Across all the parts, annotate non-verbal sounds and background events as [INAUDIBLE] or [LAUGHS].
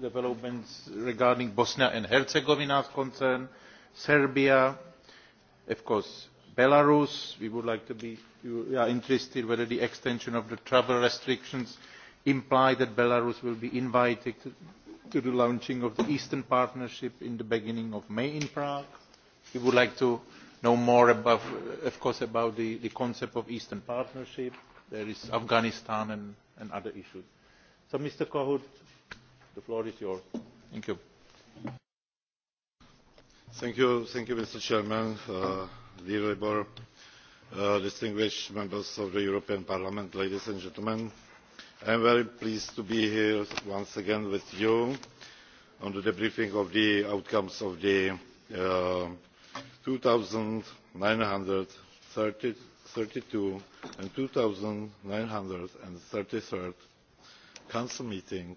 developments regarding Bosnia and Herzegovina concern, Serbia, of course, Belarus. We would like to be we are interested whether the extension of the travel restrictions imply that Belarus will be invited to, to the launching of the Eastern Partnership in the beginning of May in Prague. We would like to know more, about, of course, about the, the concept of Eastern Partnership. There is Afghanistan and, and other issues. So, Mr. Kohut, The floor is yours. Thank you. Thank you, thank you Mr. Chairman, uh, dear Labour, uh, distinguished members of the European Parliament, ladies and gentlemen. I am very pleased to be here once again with you on the debriefing of the outcomes of the uh, 2932 and 2933 Council meeting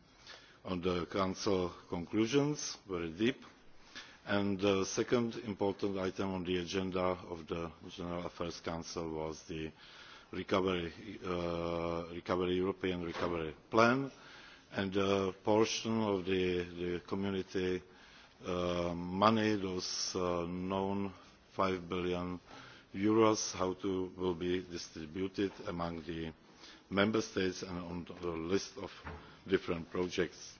on the Council conclusions, very deep. And the second important item on the agenda of the General Affairs Council was the recovery, uh, recovery European Recovery Plan and a portion of the, the community uh, money, those uh, known 5 billion euros, how to will be distributed among the member states and on the list of different projects.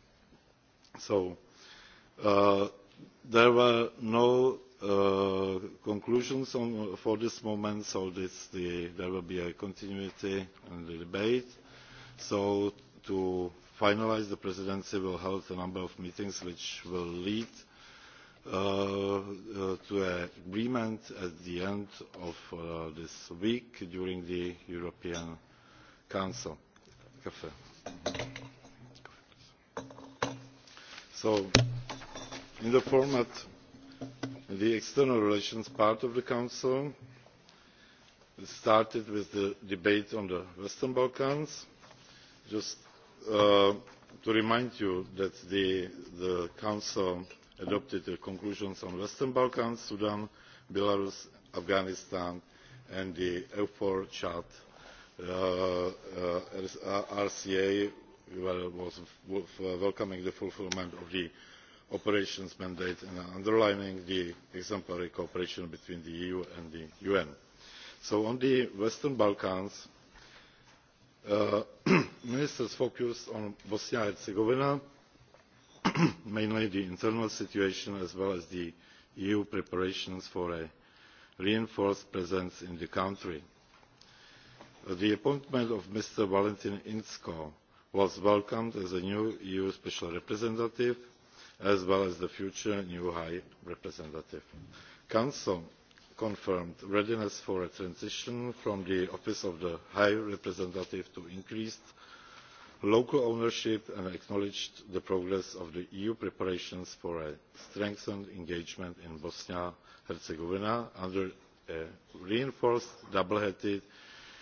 So uh, there were no uh, conclusions on, for this moment, so this the, there will be a continuity in the debate. So to finalize, the presidency will hold a number of meetings which will lead uh, uh, to an agreement at the end of uh, this week during the European Council. So, in the format, the external relations part of the Council started with the debate on the Western Balkans. Just uh, to remind you that the, the Council adopted the conclusions on Western Balkans, Sudan, Belarus, Afghanistan, and the EUFOR Chart uh, uh, RCA well, was welcoming the fulfillment of the operations mandate and underlining the exemplary cooperation between the EU and the UN. So on the Western Balkans, uh, [CLEARS THROAT] ministers focused on Bosnia Herzegovina, [CLEARS THROAT] mainly the internal situation as well as the EU preparations for a reinforced presence in the country the appointment of Mr. Valentin inzko was welcomed as a new EU Special Representative as well as the future new High Representative. Council confirmed readiness for a transition from the Office of the High Representative to increased local ownership and acknowledged the progress of the EU preparations for a strengthened engagement in Bosnia-Herzegovina under a reinforced double-headed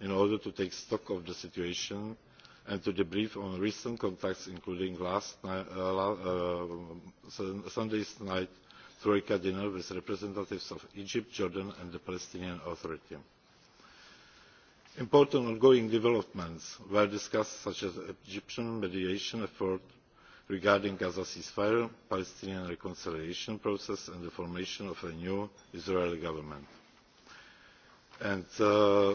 in order to take stock of the situation and to debrief on recent contacts, including last night, uh, uh, Sunday's night Troika dinner with representatives of Egypt, Jordan and the Palestinian Authority. Important ongoing developments were discussed, such as Egyptian mediation effort regarding Gaza ceasefire, Palestinian reconciliation process and the formation of a new Israeli government. And uh,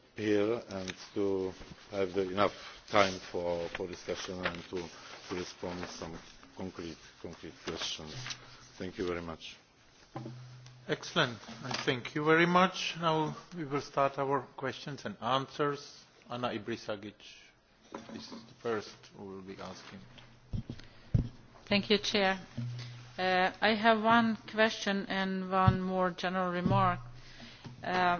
here and to have the enough time for, for discussion and to, to respond to some concrete, concrete questions. Thank you very much. Excellent. I thank you very much. Now we will start our questions and answers. Anna Ibrisagic is the first who will be asking. Thank you, Chair. Uh, I have one question and one more general remark. Uh,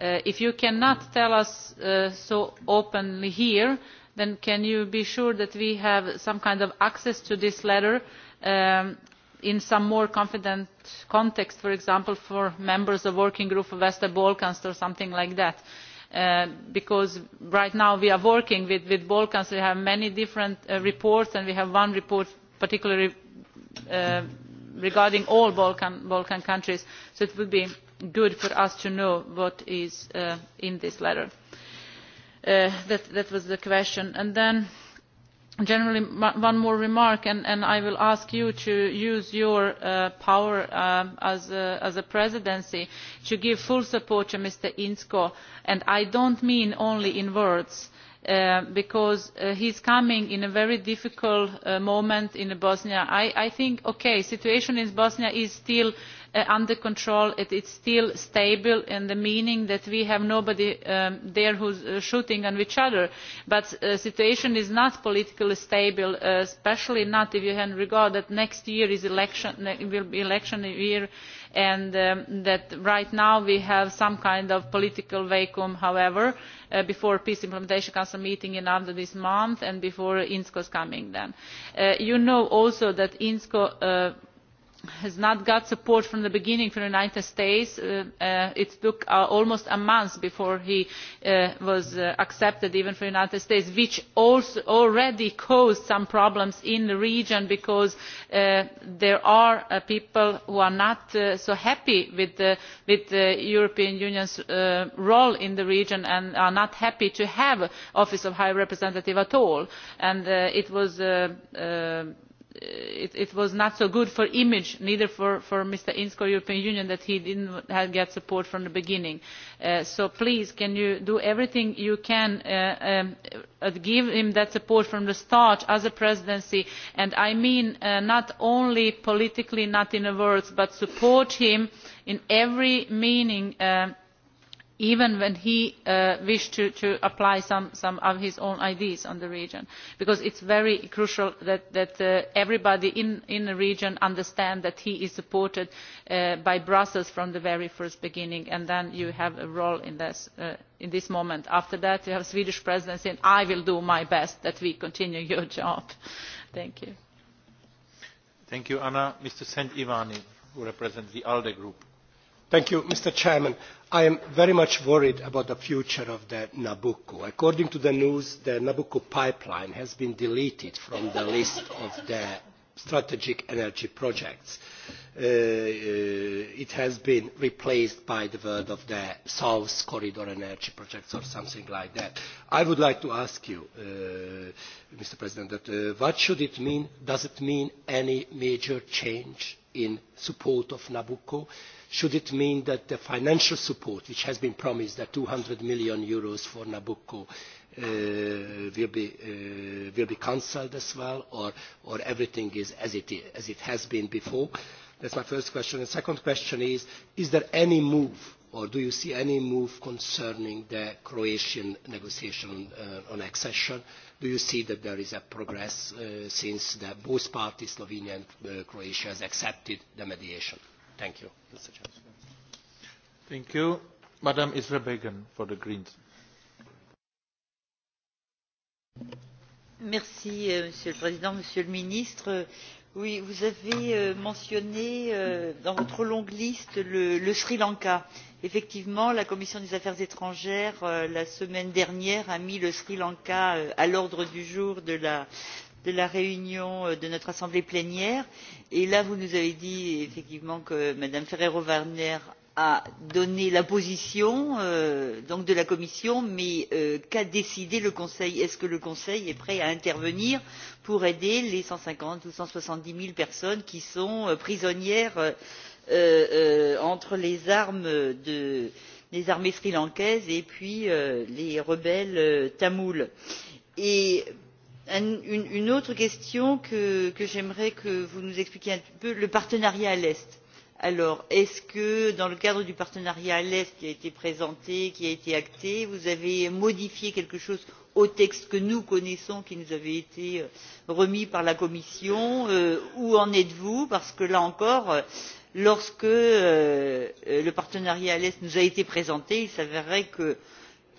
Uh, if you cannot tell us uh, so openly here, then can you be sure that we have some kind of access to this letter um, in some more confident context, for example, for members of working group of Western Balkans or something like that? Uh, because right now we are working with, with Balkans, we have many different uh, reports and we have one report particularly uh, regarding all Balkan, Balkan countries. So it would be good for us to know what is uh, in this letter. Uh, that, that was the question. And then generally one more remark and, and I will ask you to use your uh, power uh, as, a, as a presidency to give full support to Mr. Insko and I don't mean only in words uh, because uh, he's coming in a very difficult uh, moment in Bosnia. I, I think, okay, situation in Bosnia is still uh, uh, under control. It is still stable in the meaning that we have nobody um, there who is uh, shooting on each other. But the uh, situation is not politically stable, uh, especially not if you have regard that next year is election, will be election year and um, that right now we have some kind of political vacuum, however, uh, before Peace Implementation Council meeting in after this month and before INSCO is coming then. Uh, you know also that INSCO uh, has not got support from the beginning from the United States. Uh, uh, it took uh, almost a month before he uh, was uh, accepted even for the United States, which also already caused some problems in the region because uh, there are uh, people who are not uh, so happy with the, with the European Union's uh, role in the region and are not happy to have Office of High Representative at all. And uh, it was uh, uh, it, it was not so good for image, neither for, for Mr. Insko European Union, that he didn't have, get support from the beginning. Uh, so please, can you do everything you can uh, um, uh, give him that support from the start as a presidency? And I mean uh, not only politically, not in the words, but support him in every meaning. Uh, even when he uh, wished to, to apply some, some of his own ideas on the region. Because it's very crucial that, that uh, everybody in, in the region understands that he is supported uh, by Brussels from the very first beginning, and then you have a role in this, uh, in this moment. After that, you have Swedish presidency, and I will do my best that we continue your job. [LAUGHS] Thank you. Thank you, Anna. Mr. Sent Ivani, who represents the ALDE group. You, Mr. Chairman. I am very much worried about the future of the Nabucco. According to the news, the Nabucco pipeline has been deleted from the list of the strategic energy projects. uh, uh it has been replaced by the word of the South Corridor energy projects or something like that. I would like to ask you, uh, Mr. President, that, uh, what should it mean? Does it mean any major change in support of Nabucco? Uh, should it mean that the financial support which has been promised, that 200 million euros for Nabucco, uh, will be, uh, will be cancelled as well, or, or everything is as it, is, as it has been before? That's my first question. The second question is, is there any move or do you see any move concerning the Croatian negotiation uh, on accession? Do you see that there is a progress uh, since the both parties, Slovenia and uh, Croatia, has accepted the mediation? Thank you, Mr. Chairman. Thank you. Madam Isra Began for the Greens. Merci, euh, Monsieur le Président, Monsieur le Ministre. Oui, vous avez euh, mentionné euh, dans votre longue liste le, le Sri Lanka. Effectivement, la Commission des affaires étrangères, la semaine dernière, a mis le Sri Lanka à l'ordre du jour de la de la réunion euh, de notre assemblée plénière et là vous nous avez dit effectivement que madame ferrero warner a donné la position euh, donc de la commission mais euh, qu'a décidé le conseil? est ce que le conseil est prêt à intervenir pour aider les cent cinquante ou cent soixante dix mille personnes qui sont euh, prisonnières euh, euh, entre les armes de, des armées sri lankaises et puis les rebelles tamouls? et une, une autre question que, que j'aimerais que vous nous expliquiez un petit peu, le partenariat à l'Est. Alors, est-ce que dans le cadre du partenariat à l'Est qui a été présenté, qui a été acté, vous avez modifié quelque chose au texte que nous connaissons, qui nous avait été euh, remis par la Commission euh, Où en êtes-vous Parce que là encore, euh, lorsque euh, le partenariat à l'Est nous a été présenté, il s'avérait que euh,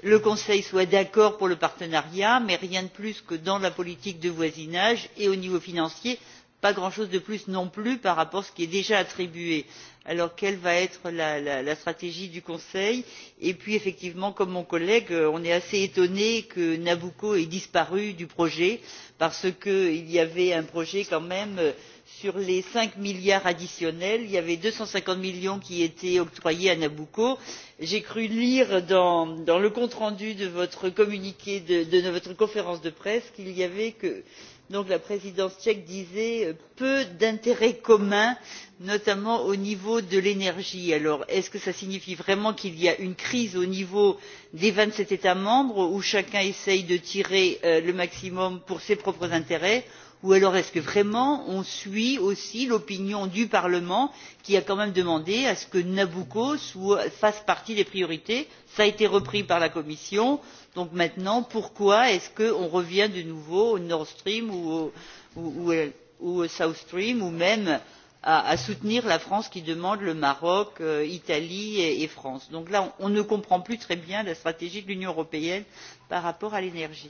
le Conseil soit d'accord pour le partenariat, mais rien de plus que dans la politique de voisinage et au niveau financier, pas grand chose de plus non plus par rapport à ce qui est déjà attribué. Alors quelle va être la, la, la stratégie du Conseil Et puis effectivement, comme mon collègue, euh, on est assez étonné que Nabucco ait disparu du projet parce qu'il y avait un projet quand même euh, sur les cinq milliards additionnels il y avait deux cent cinquante millions qui étaient octroyés à nabucco. j'ai cru lire dans, dans le compte rendu de votre communiqué de, de, de votre conférence de presse qu'il y avait que donc la présidence tchèque disait euh, peu d'intérêts communs notamment au niveau de l'énergie. alors est ce que cela signifie vraiment qu'il y a une crise au niveau des vingt sept états membres où chacun essaie de tirer euh, le maximum pour ses propres intérêts? ou alors est-ce que vraiment on suit aussi l'opinion du Parlement qui a quand même demandé à ce que Nabucco euh, fasse partie des priorités Ça a été repris par la Commission, donc maintenant pourquoi est-ce qu'on revient de nouveau au Nord Stream ou au, ou, ou, euh, ou au South Stream ou même à, à soutenir la France qui demande le Maroc, euh, Italie et, et France. Donc là, on, on ne comprend plus très bien la stratégie de l'Union européenne par rapport à l'énergie.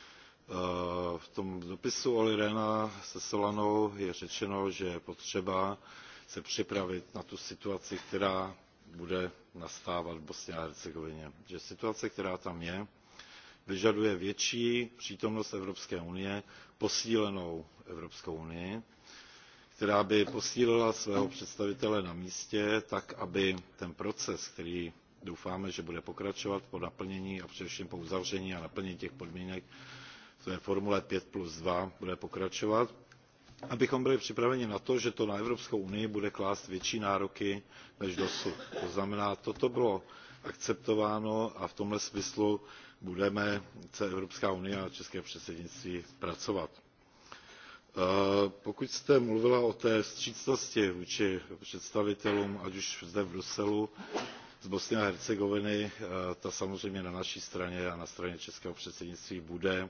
V tom dopisu Oli Rena se Solanou je řečeno, že je potřeba se připravit na tu situaci, která bude nastávat v Bosně a Hercegovině. Že situace, která tam je, vyžaduje větší přítomnost Evropské unie, posílenou Evropskou unii, která by posílila svého představitele na místě, tak aby ten proces, který doufáme, že bude pokračovat po naplnění a především po uzavření a naplnění těch podmínek, ve formule 5 plus 2 bude pokračovat, abychom byli připraveni na to, že to na Evropskou unii bude klást větší nároky než dosud. To znamená, toto bylo akceptováno a v tomhle smyslu budeme Evropská unie a České předsednictví pracovat. E, pokud jste mluvila o té vstřícnosti vůči představitelům, ať už zde v Bruselu, z Bosny a Hercegoviny, e, ta samozřejmě na naší straně a na straně českého předsednictví bude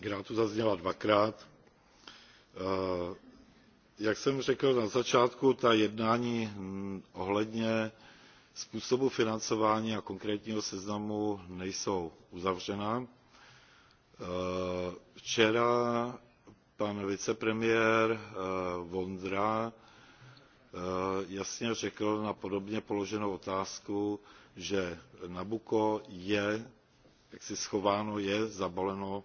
která tu zazněla dvakrát. Eh, jak jsem řekl na začátku, ta jednání hm, ohledně způsobu financování a konkrétního seznamu nejsou uzavřena. Eh, včera pan vicepremiér eh, Vondra jasně řekl na podobně položenou otázku, že Nabuko je, jak si schováno, je zabaleno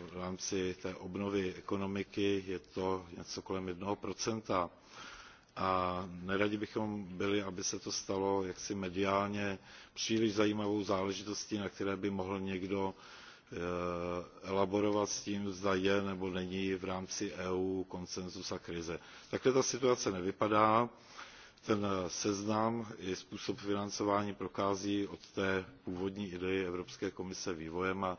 v rámci té obnovy ekonomiky je to něco kolem 1%. A neradi bychom byli, aby se to stalo jaksi mediálně příliš zajímavou záležitostí, na které by mohl někdo e, elaborovat s tím, zda je nebo není v rámci EU konsenzus a krize. Takhle ta situace nevypadá. Ten seznam i způsob financování prokází od té původní idei Evropské komise vývojem a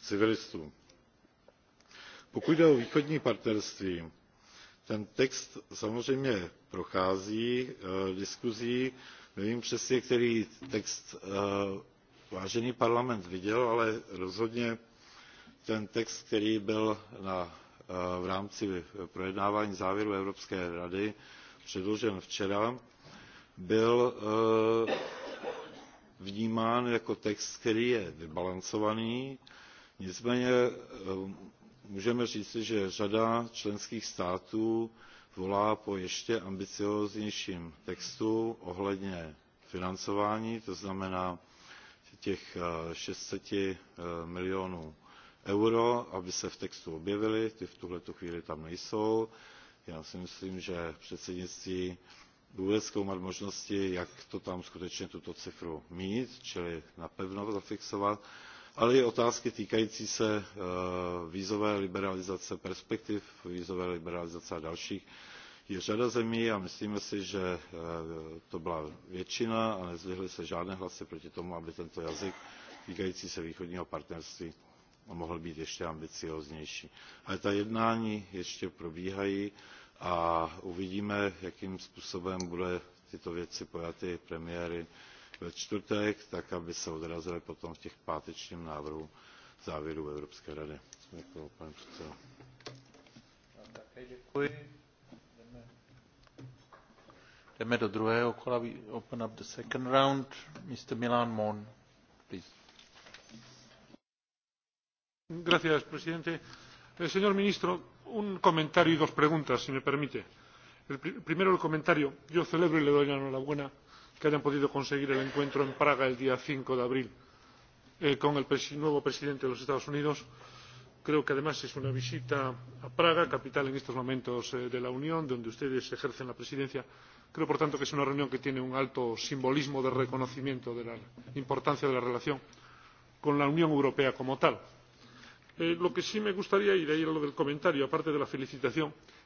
civilistů. Pokud jde o východní partnerství, ten text samozřejmě prochází e, diskuzí. Nevím přesně, který text eh, vážený parlament viděl, ale rozhodně ten text, který byl na, eh, v rámci projednávání závěru Evropské rady předložen včera, byl vnímán jako text, který je vybalancovaný, e, Nicméně eh, můžeme říci, že řada členských států volá po ještě ambicióznějším textu ohledně financování, to znamená těch 600 eh, eh, milionů euro, aby se v textu objevily, ty v tuhle chvíli tam nejsou. Já si myslím, že předsednictví bude zkoumat možnosti, jak to tam skutečně tuto cifru mít, čili napevno zafixovat ale i otázky týkající se eh, vízové liberalizace, perspektiv vízové liberalizace a dalších. Je řada zemí a myslíme si, že eh, to byla většina a nezvyhly se žádné hlasy proti tomu, aby tento jazyk týkající se východního partnerství mohl být ještě ambicioznější. Ale ta jednání ještě probíhají a uvidíme, jakým způsobem bude tyto věci pojaty premiéry ve čtvrtek, tak aby se odrazily potom v těch pátečním návrhu závěru Evropské rady. Děkuji, pan předsedo. Také děkuji. Jdeme do druhého kola. We open up the second round. Mr. Milan Mon, please. Gracias, presidente. Eh, señor ministro, un comentario y dos preguntas, si me permite. El, pr primero, el comentario. Yo celebro y le doy la enhorabuena que hayan podido conseguir el encuentro en Praga el día 5 de abril eh, con el pres nuevo presidente de los Estados Unidos. Creo que además es una visita a Praga, capital en estos momentos eh, de la Unión, donde ustedes ejercen la presidencia. Creo, por tanto, que es una reunión que tiene un alto simbolismo de reconocimiento de la importancia de la relación con la Unión Europea como tal. Eh, lo que sí me gustaría, y de ahí lo del comentario, aparte de la felicitación, es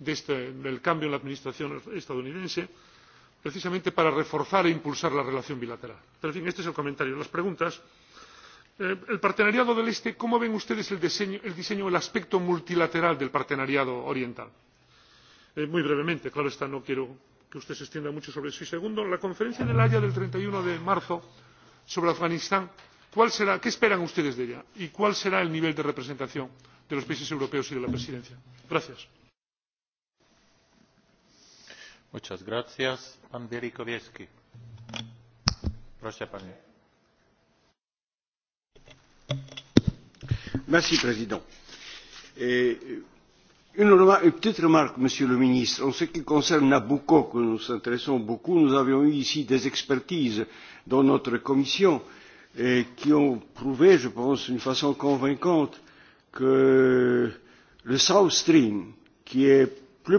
de este, del cambio en la administración estadounidense, precisamente para reforzar e impulsar la relación bilateral. Pero, en fin, este es el comentario. Las preguntas. Eh, el partenariado del Este, ¿cómo ven ustedes el diseño, el aspecto multilateral del partenariado oriental? Eh, muy brevemente, claro está, no quiero que usted se extienda mucho sobre eso. Y segundo, la conferencia de La Haya del 31 de marzo sobre Afganistán, ¿cuál será, ¿qué esperan ustedes de ella? ¿Y cuál será el nivel de representación de los países europeos y de la presidencia? Gracias. Monsieur Président. Euh, une, remarque, une petite remarque, Monsieur le Ministre. En ce qui concerne Nabucco, que nous nous intéressons beaucoup, nous avions eu ici des expertises dans notre commission et euh, qui ont prouvé, je pense, d'une façon convaincante que le South Stream, qui est plus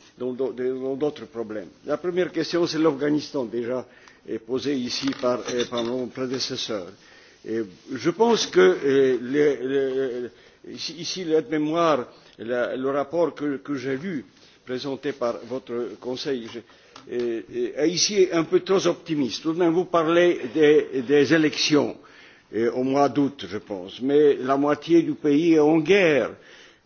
dans d'autres problèmes. La première question, c'est l'Afghanistan, déjà posée ici par, euh, par mon prédécesseur. Et je pense que eh, les, les, ici, l'aide mémoire, la, le rapport que, que j'ai lu, présenté par votre conseil, je, eh, eh, ici un peu trop optimiste. Tout de même, vous parlez des, des élections eh, au mois d'août, je pense, mais la moitié du pays est en guerre.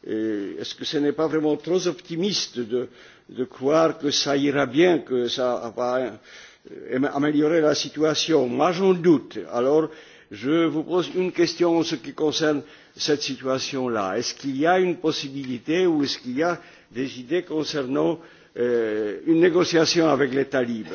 Eh, Est-ce que ce n'est pas vraiment trop optimiste de, de croire que ça ira bien, que ça va euh, améliorer la situation. Moi, j'en doute. Alors, je vous pose une question en ce qui concerne cette situation-là. Est-ce qu'il y a une possibilité ou est-ce qu'il y a des idées concernant euh, une négociation avec les talibes,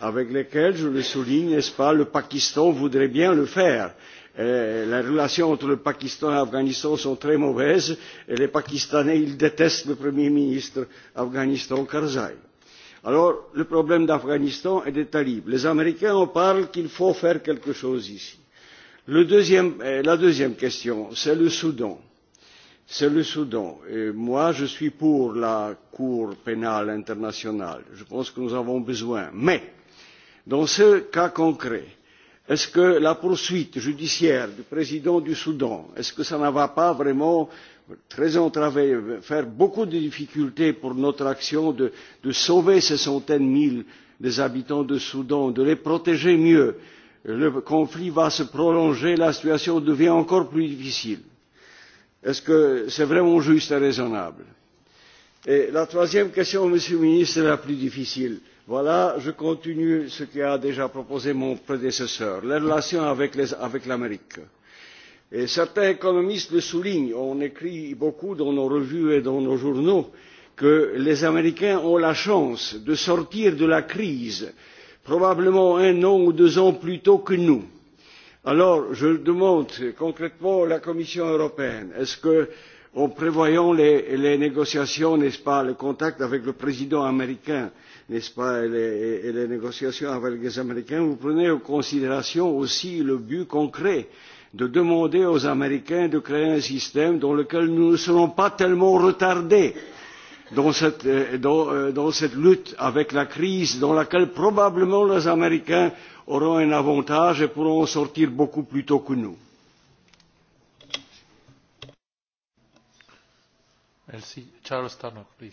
avec lesquels, je le souligne, n'est-ce pas, le Pakistan voudrait bien le faire Euh, les relations entre le Pakistan et l'Afghanistan sont très mauvaises et les Pakistanais ils détestent le Premier ministre afghanistan Karzai. Alors le problème d'Afghanistan et des talibs. Les Américains en parlent qu'il faut faire quelque chose ici. Le deuxième, euh, la deuxième question, c'est le Soudan. C'est le Soudan. Et moi, je suis pour la Cour pénale internationale. Je pense que nous avons besoin. Mais, dans ce cas concret, Est-ce que la poursuite judiciaire du président du Soudan, est-ce que ça ne va pas vraiment très entraver, faire beaucoup de difficultés pour notre action de, de sauver ces centaines de mille des habitants du de Soudan, de les protéger mieux Le conflit va se prolonger, la situation devient encore plus difficile. Est-ce que c'est vraiment juste et raisonnable Et la troisième question, Monsieur le Ministre, est la plus difficile. Euh, Voilà, je continue ce qu'a déjà proposé mon prédécesseur, les relations avec, les, avec l'Amérique. Et certains économistes le soulignent, on écrit beaucoup dans nos revues et dans nos journaux que les Américains ont la chance de sortir de la crise probablement un an ou deux ans plus tôt que nous. Alors, je demande concrètement à la Commission européenne, est-ce que, en prévoyant les, les négociations, n'est-ce pas, le contact avec le président américain, n'est-ce pas, les, et les négociations avec les Américains, vous prenez en considération aussi le but concret de demander aux Américains de créer un système dans lequel nous ne serons pas tellement retardés dans cette, euh, dans, euh, dans cette lutte avec la crise dans laquelle probablement les Américains auront un avantage et pourront en sortir beaucoup plus tôt que nous. Merci. Charles Tarnock, please.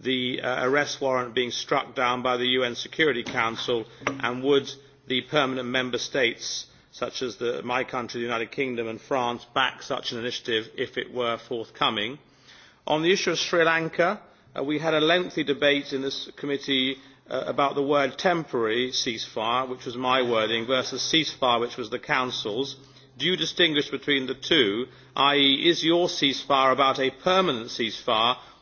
the uh, arrest warrant being struck down by the UN Security Council and would the permanent member states such as the, my country, the United Kingdom and France, back such an initiative if it were forthcoming. On the issue of Sri Lanka, uh, we had a lengthy debate in this committee uh, about the word temporary ceasefire, which was my wording, versus ceasefire, which was the Council's. Do you distinguish between the two, i.e. is your ceasefire about a permanent ceasefire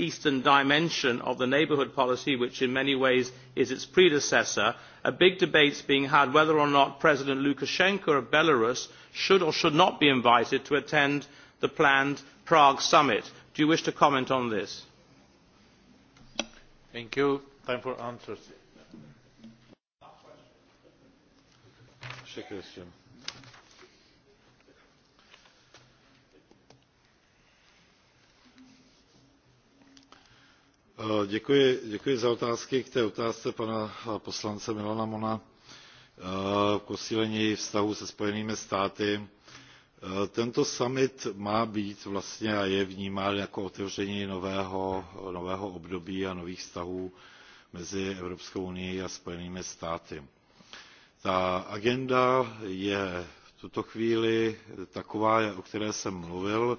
eastern dimension of the neighbourhood policy which in many ways is its predecessor a big debate is being had whether or not president lukashenko of belarus should or should not be invited to attend the planned prague summit. do you wish to comment on this? Eh, děkuji, za otázky. K té otázce pana eh, poslance Milana Mona k eh, posílení vztahu se Spojenými státy. Tento summit má být vlastně a je vnímán jako otevření nového, nového období a nových vztahů mezi Evropskou unii a Spojenými státy. Ta agenda je v tuto chvíli taková, o které jsem mluvil.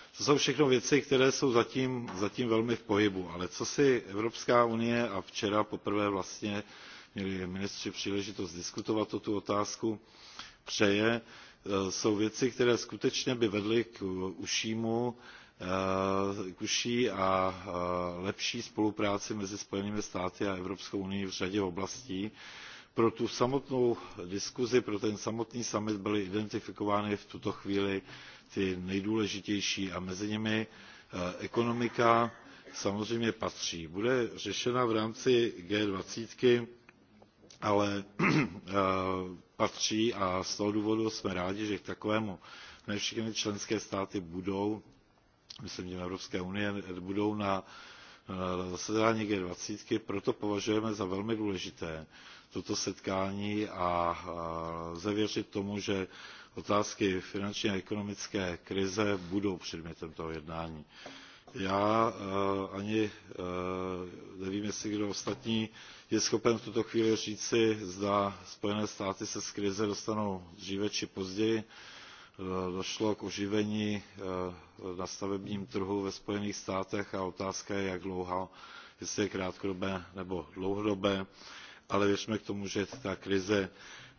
To jsou všechno věci, které jsou zatím, zatím velmi v pohybu. Ale co si Evropská unie a včera poprvé vlastně měli ministři příležitost diskutovat o tu otázku, přeje, e, jsou věci, které skutečně by vedly k ušímu e, k uší a e, lepší spolupráci mezi Spojenými státy a Evropskou unii v řadě oblastí. Pro tu samotnou diskuzi, pro ten samotný summit byly identifikovány v tuto chvíli ty nejdůležitější a mezi nimi eh, ekonomika samozřejmě patří. Bude řešena v rámci G20, ale [CLEARS THROAT] eh, patří a z toho důvodu jsme rádi, že k takovému ne všechny členské státy budou, myslím, že Evropské unie, budou na zasedání G20, proto považujeme za velmi důležité toto setkání a zavěřit tomu, že otázky finanční a ekonomické krize budou předmětem toho jednání. Já uh, ani uh, nevím, jestli kdo ostatní je schopen v tuto chvíli říci, zda Spojené státy se z krize dostanou dříve či později. Uh, došlo k oživení uh, na stavebním trhu ve Spojených státech a otázka je, jak dlouho, jestli je krátkodobé nebo dlouhodobé, ale věřme k tomu, že ta krize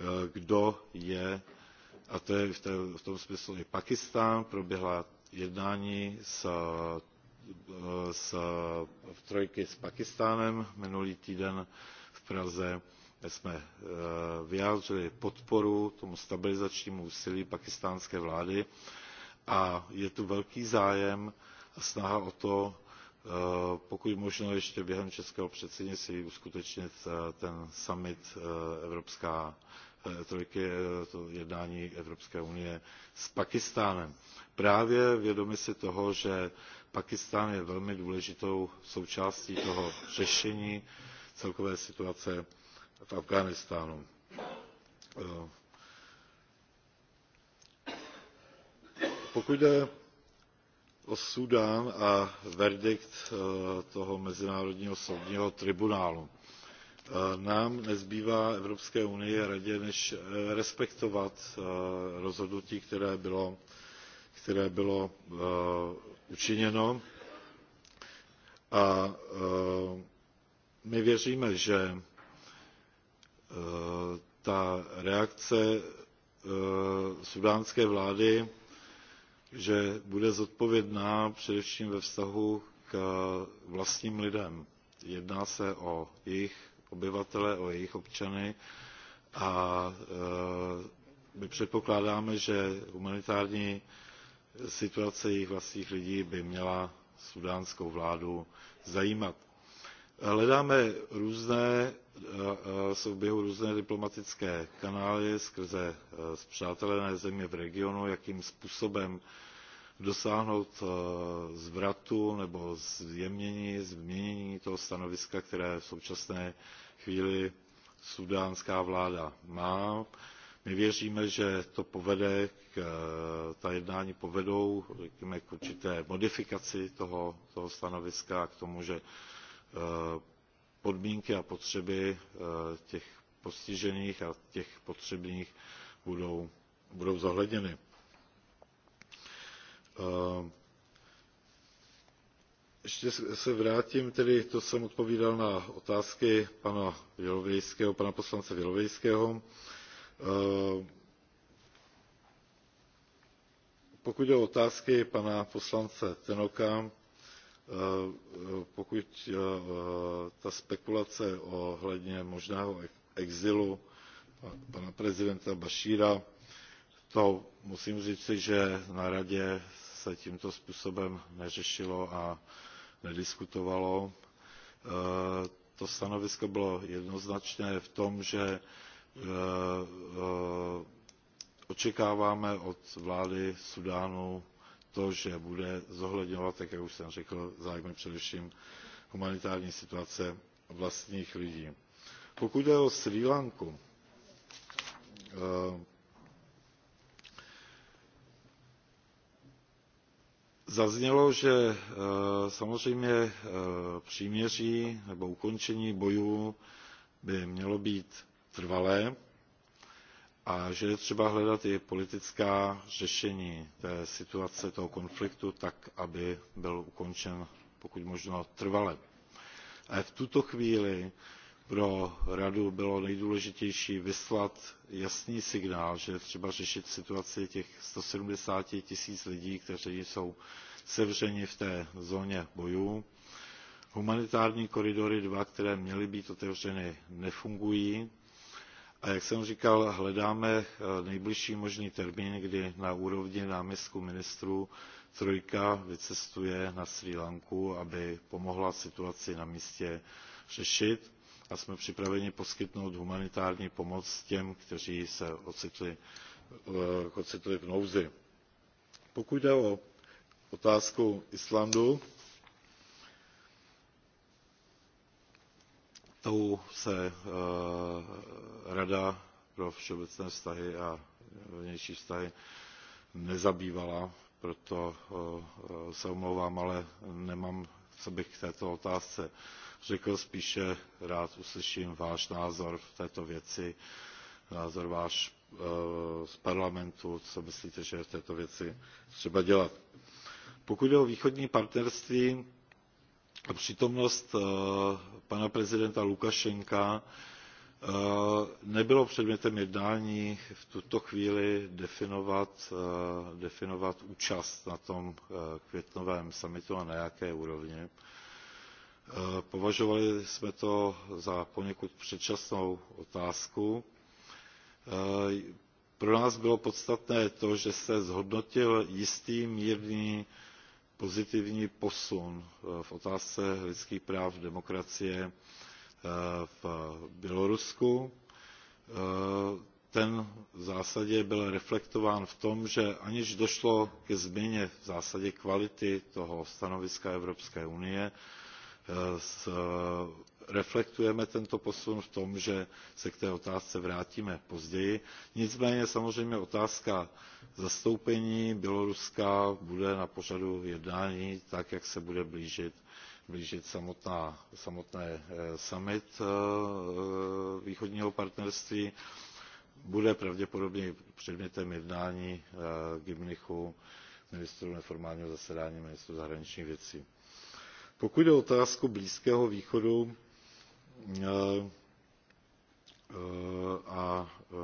Eh, kdo je, a to je v, té, v tom smyslu i Pakistán, proběhla jednání s, eh, s, v trojky s Pakistánem minulý týden v Praze jsme eh, vyjádřili podporu tomu stabilizačnímu úsilí pakistánské vlády a je tu velký zájem a snaha o to, pokud možno ještě během českého předsednictví uskutečnit ten summit Evropská Eh, trojky eh, to jednání Evropské unie s Pakistánem. Právě vědomi si toho, že Pakistán je velmi důležitou součástí toho řešení celkové situace v Afganistánu. Eh, pokud jde o Súdán a verdikt toho Mezinárodního soudního tribunálu, Nám nezbývá Evropské unii a radě, než eh, respektovat eh, rozhodnutí, které bylo, které bylo eh, učiněno. A my věříme, že ta reakce sudánské vlády, že bude zodpovědná především ve vztahu k vlastním lidem. Jedná se o jejich obyvatele, o jejich občany a e, my předpokládáme, že humanitární situace jejich vlastních lidí by měla sudánskou vládu zajímat. Hledáme různé, e, e, souběhu různé diplomatické kanály skrze zpřátelené země v regionu, jakým způsobem dosáhnout eh, zvratu nebo zjemnění, změnění toho stanoviska, které v současné chvíli sudánská vláda má. My věříme, že to povede, k, eh, ta jednání povedou řekněme, k určité modifikaci toho, toho stanoviska, k tomu, že eh, podmínky a potřeby těch postižených a těch potřebných budou, budou zohledněny. Eh, ještě se vrátím, tedy to jsem odpovídal na otázky pana Vělovejského, pana poslance Vělovejského. Eh, pokud je otázky pana poslance Tenoka, eh, pokud ta spekulace ohledně možného exilu pana prezidenta Bašíra, to musím říci, že na radě se tímto způsobem neřešilo a nediskutovalo. E, to stanovisko bylo jednoznačné v tom, že e, e, očekáváme od vlády Sudánu to, že bude zohledňovat, jak už jsem řekl, zájmy především humanitární situace vlastních lidí. Pokud jde o Sri Lanku, Zaznělo, že e, samozřejmě e, příměří nebo ukončení bojů by mělo být trvalé a že je třeba hledat i politická řešení té situace, toho konfliktu, tak, aby byl ukončen pokud možno trvale. Ale v tuto chvíli pro radu bylo nejdůležitější vyslat jasný signál, že je třeba řešit situaci těch 170 tisíc lidí, kteří jsou sevřeni v té zóně bojů. Humanitární koridory dva, které měly být otevřeny, nefungují. A jak jsem říkal, hledáme eh, nejbližší možný termín, kdy na úrovni náměstku ministrů Trojka vycestuje na Sri Lanku, aby pomohla situaci na místě řešit a jsme připraveni poskytnout humanitární pomoc těm, kteří se ocitli, eh, ocitli v nouzi. Pokud jde o otázku Islandu, tou se eh, Rada pro všeobecné vztahy a vnější vztahy nezabývala, proto eh, se omlouvám, ale nemám, co bych k této otázce řekl, spíše rád uslyším váš názor v této věci, názor váš eh, z parlamentu, co myslíte, že v této věci třeba dělat. Pokud je o východní partnerství, a přítomnost eh, pana prezidenta Lukašenka eh, nebylo předmětem jednání v tuto chvíli definovat, definovat účast na tom květnovém samitu a na jaké úrovni. Považovali jsme to za poněkud předčasnou otázku. Eh, pro nás bylo podstatné to, že se zhodnotil jistý mírný pozitivní posun eh, v otázce lidských práv demokracie eh, v Bělorusku. Ten v zásadě byl reflektován v tom, že aniž došlo ke změně v zásadě kvality toho stanoviska Evropské unie, reflektujeme tento posun v tom, že se k té otázce vrátíme později. Nicméně samozřejmě otázka zastoupení Běloruska bude na pořadu jednání, tak jak se bude blížit, blížit samotná, samotné eh, summit eh, východního partnerství. Bude pravděpodobně předmětem jednání eh, Gimnichu ministru neformálního zasedání ministru zahraničních věcí. Pokud je otázku Blízkého východu eh, eh, a eh,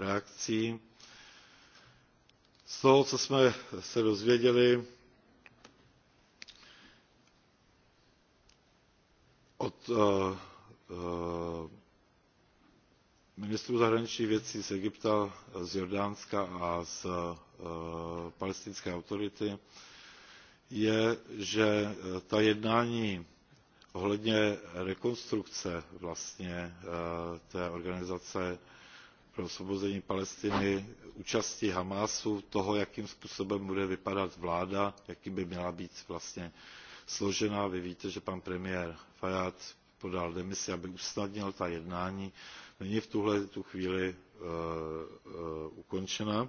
reakcí, z toho, co jsme se dozvěděli od uh, uh, ministrů zahraničních věcí z Egypta, z Jordánska a z uh, palestinské autority, je, že e, ta jednání ohledně rekonstrukce vlastně e, té organizace pro osvobození Palestiny, účasti Hamásu, toho, jakým způsobem bude vypadat vláda, jaký by měla být vlastně složena. Vy víte, že pan premiér Fajad podal demisi, aby usnadnil ta jednání. Není v tuhle tu chvíli uh, uh, ukončena. Uh,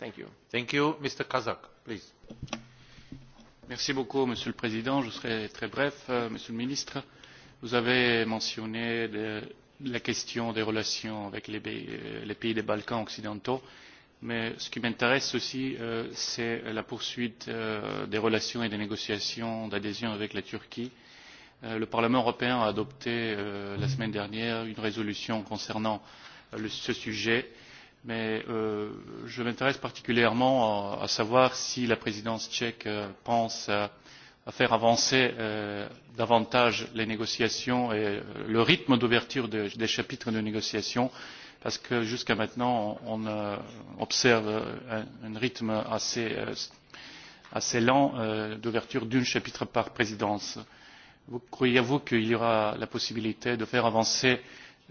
Thank you. Thank you. Mr. Kazak, please. Merci beaucoup, Monsieur le Président. Je serai très bref, euh, Monsieur le Ministre. Vous avez mentionné de, la question des relations avec les, euh, les pays des Balkans occidentaux, mais ce qui m'intéresse aussi, euh, c'est la poursuite euh, des relations et des négociations d'adhésion avec la Turquie. Euh, le Parlement européen a adopté euh, la semaine dernière une résolution concernant euh, le, ce sujet. Euh, mais euh, je m'intéresse particulièrement à, à savoir si la présidence tchèque euh, pense à, à faire avancer euh, davantage les négociations et euh, le rythme d'ouverture de, des chapitres de négociations, parce que jusqu'à maintenant, on, on euh, observe un, un rythme assez, euh, assez lent euh, d'ouverture d'un chapitre par présidence. Vous croyez-vous qu'il y aura la possibilité de faire avancer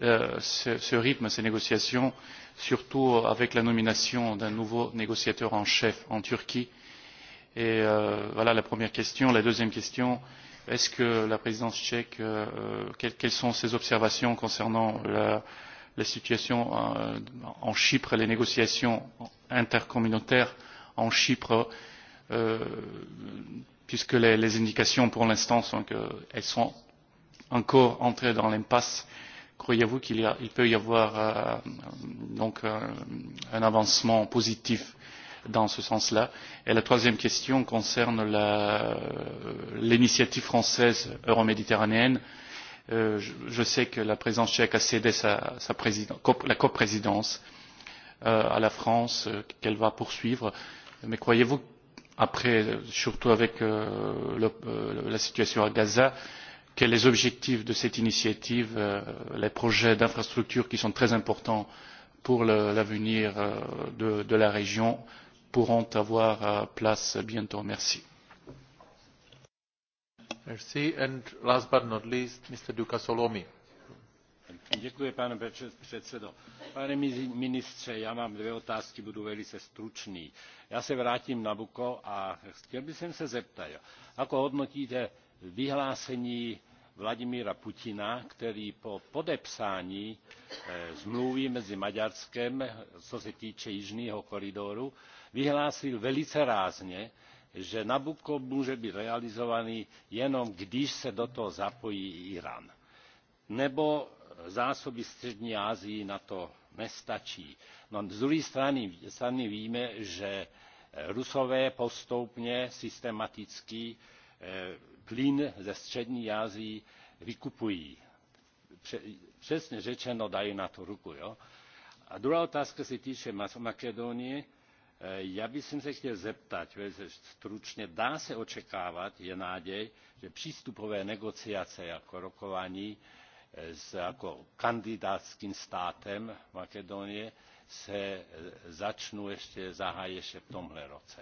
euh, ce, ce rythme, ces négociations euh, surtout avec la nomination d'un nouveau négociateur en chef en Turquie. Et euh, voilà la première question. La deuxième question, est-ce que la présidence tchèque, euh, quelles, quelles sont ses observations concernant la, la situation euh, en Chypre, les négociations intercommunautaires en Chypre, euh, puisque les, les indications pour l'instant sont qu'elles sont encore entrées dans l'impasse euh, croyez-vous qu'il peut y avoir euh, donc euh, un avancement positif dans ce sens-là Et la troisième question concerne l'initiative française euroméditerranéenne. Euh, je, je sais que la présidence tchèque a cédé sa, sa la coprésidence euh, à la France, euh, qu'elle va poursuivre. Mais croyez-vous, après, surtout avec euh, le, euh, la situation à Gaza, que les objectifs de cette initiative, euh, les projets d'infrastructure qui sont très importants pour l'avenir euh, de, de la région pourront avoir euh, place bientôt. Merci. Merci. And last but not least, Mr. Duca Solomi. Děkuji, pane předsedo. Pane ministře, já mám dvě otázky, budu velice stručný. Já se vrátím na Buko a chtěl bych se zeptat, jako hodnotíte vyhlásení Vladimira Putina, který po podepsání eh, zmluvy mezi Maďarskem, co se týče jižního koridoru, vyhlásil velice rázně, že Nabucco může být realizovaný jenom, když se do toho zapojí Irán. Nebo zásoby střední Asii na to nestačí. No, z druhé strany, strany víme, že eh, Rusové postupně systematicky eh, plin ze střední Asii vykupují. Přesně řečeno dají na to ruku. Jo? A druhá otázka se týče Makedonie. E, Já bych se chtěl zeptat, že stručně, dá se očekávat, je nádej, že přístupové negociace jako rokování e, s jako kandidátským státem Makedonie se e, začnou ještě, zahájí ještě v tomhle roce.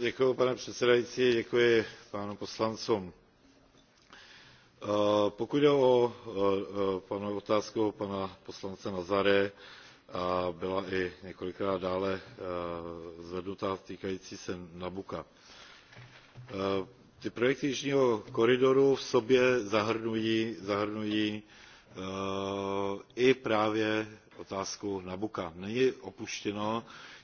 Děkuji, pane předsedající, děkuji pánu poslancům. Eh, pokud jde o panu otázku pana poslance Nazare, a byla i několikrát dále eh, zvednutá týkající se Nabuka. Eh, ty projekty Jižního koridoru v sobě zahrnují, zahrnují i právě otázku Nabuka. Není opuštěno,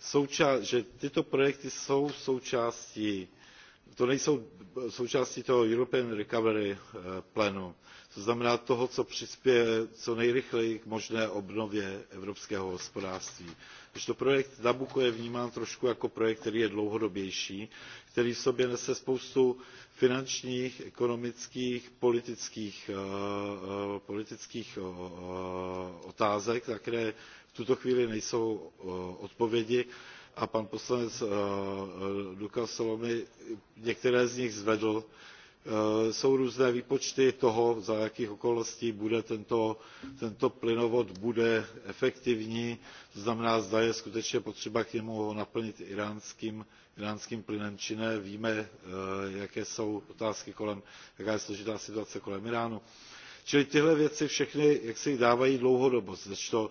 souča- že tyto projekty jsou součástí, to nejsou součástí toho European Recovery eh, Plánu, to znamená toho, co přispěje co nejrychleji k možné obnově evropského hospodářství. Když to projekt Nabucco je vnímán trošku jako projekt, který je dlouhodobější, který v sobě nese spoustu finančních, ekonomických, politických, uh, politických uh, otázek, na které v tuto chvíli nejsou eh, odpovědi a pan poslanec eh, eh, Lukas Salomy některé z nich zvedl. Jsou různé výpočty toho, za jakých okolností bude tento, tento plynovod bude efektivní, to znamená, zda je skutečně potřeba k němu ho naplnit iránským, iránským plynem či ne. Víme, jaké jsou otázky kolem, jaká je složitá situace kolem Iránu. Čili tyhle věci všechny, jak se dávají dlouhodobost, to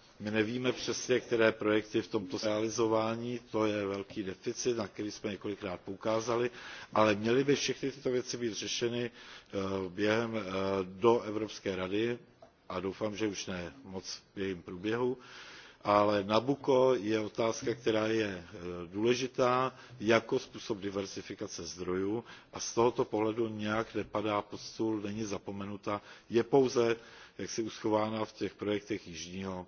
My nevíme přesně, které projekty v tomto realizování, to je velký deficit, na který jsme několikrát poukázali, ale měly by všechny tyto věci být řešeny eh, během eh, do Evropské rady a doufám, že už ne moc v jejím průběhu. Ale Nabuko je otázka, která je eh, důležitá jako způsob diversifikace zdrojů a z tohoto pohledu nějak nepadá pod stůl, není zapomenuta, je pouze jaksi uschována v těch projektech jižního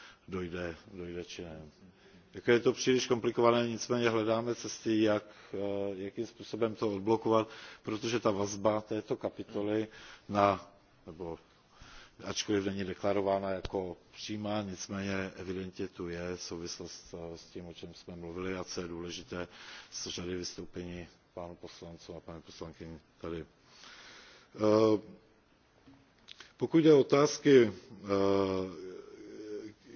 dojde, dojde činem. Jako je to příliš komplikované, nicméně hledáme cesty, jak, eh, jakým způsobem to odblokovat, protože ta vazba této kapitoly na, nebo ačkoliv není deklarována jako přímá, nicméně evidentně tu je souvislost eh, s tím, o čem jsme mluvili a co je důležité z řady vystoupení pánu poslanců a paní poslankyni tady. Eh, pokud jde o otázky,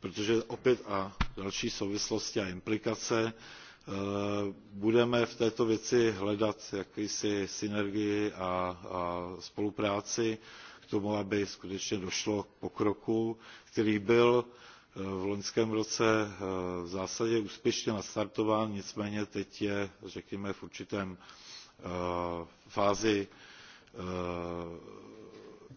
protože opět a další souvislosti a implikace eh, budeme v této věci hledat jakýsi synergii a, a spolupráci k tomu, aby skutečně došlo k pokroku, který byl eh, v loňském roce eh, v zásadě úspěšně nastartován, nicméně teď je, řekněme, v určitém fázi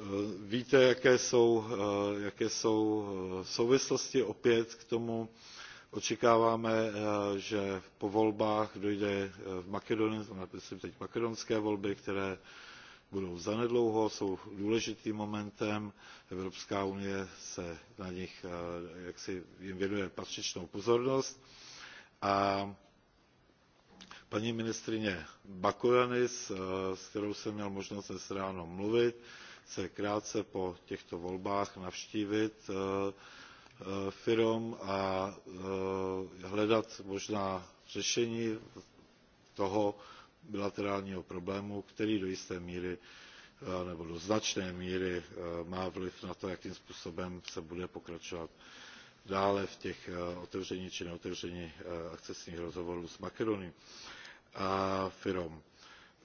Eh, víte, jaké jsou, eh, jaké jsou eh, souvislosti opět k tomu. Očekáváme, že po volbách dojde v Makedonii, teď makedonské volby, které budou zanedlouho, jsou důležitým momentem. Evropská unie se na nich, jak si jim věnuje patřičnou pozornost. A paní ministrině Bakoranis, s kterou jsem měl možnost dnes ráno mluvit, se krátce po těchto volbách navštívit eh, eh, firm a eh, hledat možná řešení toho bilaterálního problému, který do jisté míry nebo do značné míry má vliv na to, jakým způsobem se bude pokračovat dále v těch otevření či neotevření akcesních rozhovorů s Makedonií a firmou.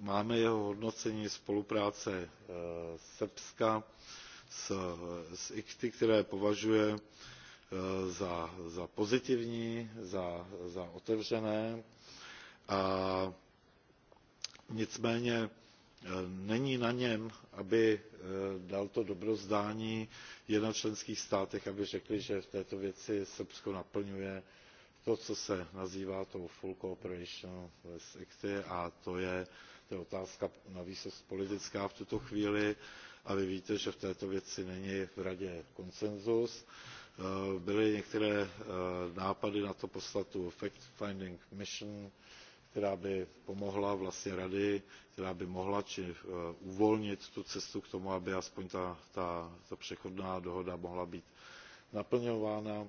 máme jeho hodnocení spolupráce eh, Srbska s, s ICTY, které považuje eh, za, za pozitivní, za, za otevřené. A nicméně eh, není na něm, aby dal to dobrozdání je na členských státech, aby řekli, že v této věci Srbsko naplňuje to, co se nazývá tou full cooperation less acty, a to je, to je otázka na výsost politická v tuto chvíli, a vy víte, že v této věci není v radě konsenzus. E, byly některé e, nápady na to poslatu fact-finding mission, která by pomohla vlastně rady, která by mohla či e, uvolnit tu cestu k tomu, aby aspoň ta, ta, ta přechodná dohoda mohla být naplňována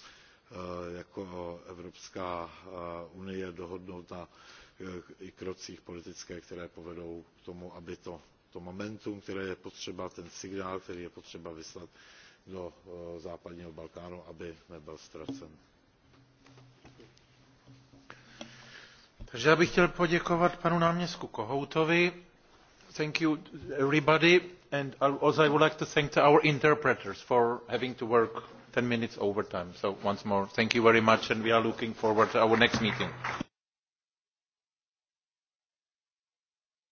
Eh, jako Evropská eh, unie dohodnout na eh, i krocích politické, které povedou k tomu, aby to, to momentum, které je potřeba, ten signál, který je potřeba vyslat do západního Balkánu, aby nebyl ztracen. Takže já bych chtěl poděkovat panu náměstku Kohoutovi. Thank you everybody and also I would like to thank our interpreters for having to work ten minutes over time, So once more, thank you very much, and we are looking forward to our next meeting.